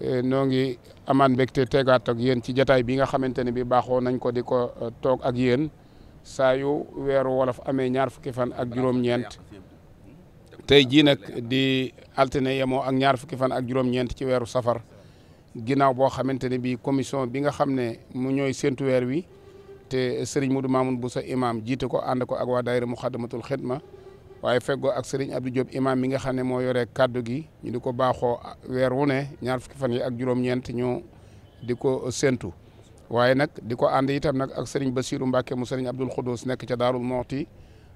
Eh, noo ngi amaat mbégte tegaat ak yéen ci jataay bi nga xamante ne bi baaxoo nañ ko di ko eh, toog ak yéen saa yu weeru wolof amee ñaar fukki fan ak juróom-ñeent tey jii nag di altine yemoo ak ñaar fukki fan ak juróom-ñeent ci weeru safar ginnaaw boo xamante ne bi commission bi nga xam ne mu ñooy séntu weer wi te seriñ Serigne Modou Mamoun Boussa imam jiite ko ànd ko ak waa daayira Muxaddamatul Xidma waaye feggoo ak Serigne Abdou Diop imam mi nga xam ne moo yoree kaddu gi ñu di ko baaxoo weer wu ne ñaar fukki fan yi ak juróom-ñeent ñu di ko séntu waaye nag di ko ànd itam nag ak Serigne Bassirou Mbacke mu Serigne Abdoul Khoudous nekk ca Daarul Moxti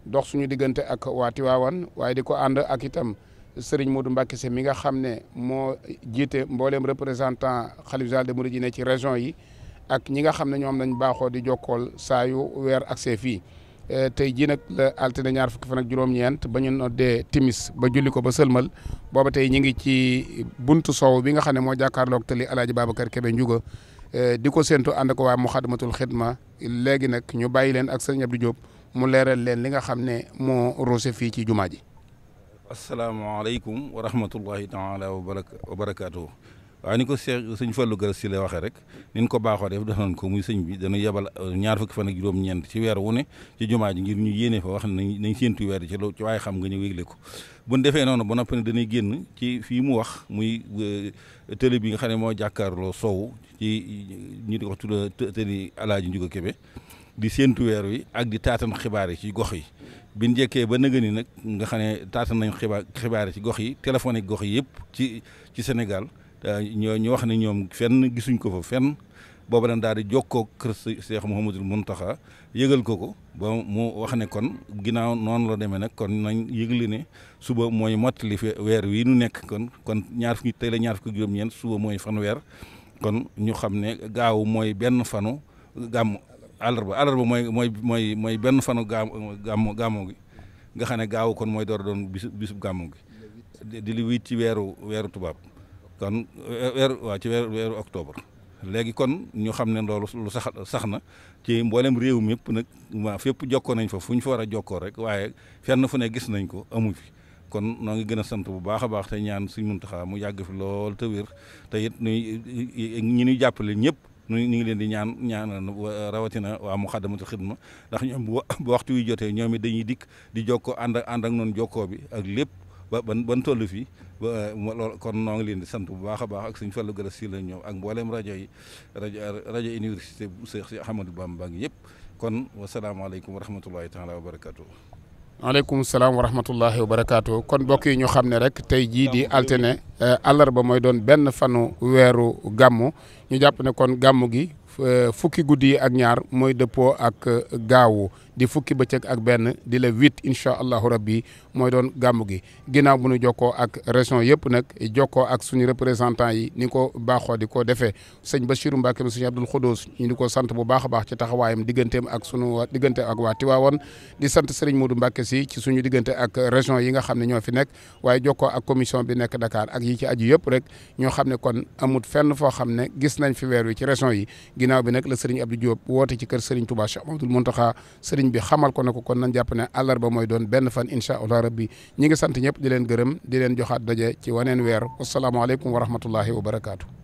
dox suñu diggante ak waati Tiwaawan waaye di ko ànd ak itam Serigne Modou Mbacke se mi nga xam ne moo jiite mboolem représentant xalif général des mourides yi ne ci région yi ak ñi nga xam ne ñoom lañ baaxoo di jokkool saa yu weer ak fii Euh, tey jii nag la altine ñaar fukki fan ak juróom-ñeent ba ñu noddee timis ba julli ko ba sëlmal booba tey ñu ngi ci buntu soow bi nga xam ne moo jàkkaarloog baaba kar Babacar Kébé Ndiouga euh, di ko séentu ànd ko waa Muxaddamatul Xidma léegi nag ñu bàyyi leen ak sëñ Abdou Diop mu leeral leen li nga xam ne moo roose fii ci jumaa ji. asalaamaaleykum wa rahmatullahi taala wa barakaatu. waaye ni ko Cheikh sëñ fa Galass si lay waxee rek ni ko baaxoo def def nañ ko muy sëñ bi dana yebal uh, ñaar fukki fan ak juróom-ñeent ci weer wu ne ci jumaa ji ngir ñu yéene fa wax nañ nañ séentu weer ci loo ci waaye xam nga ñëw yégle ko bu ñu defee noonu ba ne danay génn ci fii mu wax muy uh, télé bi nga xam ne moo jàkkaarloo sow ci uh, ñi di wax tudda télé Alaaji Njuga Kebe di séentu weer wi ak di taatan xibaar yi ci gox yi bi ñu jekkee ba nëgë ni nag nga xam ne taatan nañ xibaar xibaar yi ci gox yi téléphone yi gox yëpp ci ci Sénégal Euh, ñoo ñu wax ne ñoom fenn gisuñ ko fa fenn booba dañ daal di jokkoo kër Cheikh Mouhamadul Mountakha yëgal ko ko ba mu wax ne kon ginnaaw noonu la demee nag kon nañ yëgle ne suba mooy mottali weer wii nu nekk kon kon ñaar fukki tey la ñaar suba mooy fan weer kon ñu xam ne gaaw mooy benn fanu gàmm àllarba àllarba mooy mooy mooy mooy benn fanu gaam gàmm gàmmo gi nga xam ne gaaw kon mooy door doon bisub bisub gàmmo gi di li wit ci weeru weeru tubaab kon weeru waaw ci weeru weeru octobre léegi kon ñu xam ne ndoolu lu sax sax na ci mboolem réew mi yëpp nag waa fépp jokkoo nañ fa fu ñu fa war a jokkoo rek waaye fenn fu ne gis nañ ko amu fi kon noo ngi gën a sant bu baax a baax te ñaan suñ Muntaxa mu yàgg fi lool te wér te it nuy ñi ñuy jàppale ñëpp ñu ngi leen di ñaan ñaanal rawatina waa mu Muxaddamatul Xidma ndax ñoom bu waxtu wi jotee ñoom it dañuy dikk di jokko ànd ak ànd ak noonu jokkoo bi ak lépp. ba ban ban toll fii ba loolu kon noo ngi leen di sant bu baax a baax ak suñ Fallou Galass Syll la ñoom ak mbooleem rajo yi rajo rajo université bu Cheikh Ahmadou Bamba ngi yëpp kon wasalaamaaleykum wa rahmatullahi taala wa barakaatu. maaleykum salaam wa rahmatullahi wa barakaatu kon mbokk yi ñu xam ne rek tey jii di altine eh, àllarba mooy doon benn fanu weeru gàmmu ñu jàpp ne kon gàmmu gi Euh, fukki guddi yi ak ñaar mooy dëppoo ak euh, gaaw di fukki bëccëg ak benn di la huit incha allahu rabbi mooy doon gàmmu gi ginnaaw bu nu jokkoo ak région yëpp nag jokkoo ak suñu représentant yi ni ko baaxoo di ko defee sëñ Bachirou Mbacke sëñ Abdoul Khoudous ñu di ko sant bu baax baax ci taxawaayam digganteem ak sunu diggante ak waa Tiwaawoon di sant seriñ Modou Mbacke si ci suñu diggante ak région yi nga xam ne ñoo fi nekk waaye jokkoo ak commission bi nekk Dakar ak yi ci aju yëpp rek ñoo xam ne kon amut fenn foo xam ne gis nañ fi weer wi ci région yi ginnaaw bi nag la sëriñ Abdou Diop woote ci kër sëriñ Touba Cheikh Abdoul Mountakha sëriñ bi xamal ko ne ko kon nañ jàpp ne àllarba mooy doon benn fan incha allah rabbi ñi ngi sant ñëpp di leen gërëm di leen joxaat daje ci waneen weer wasalaamaaleykum wa rahmatullahi wa barakaatu.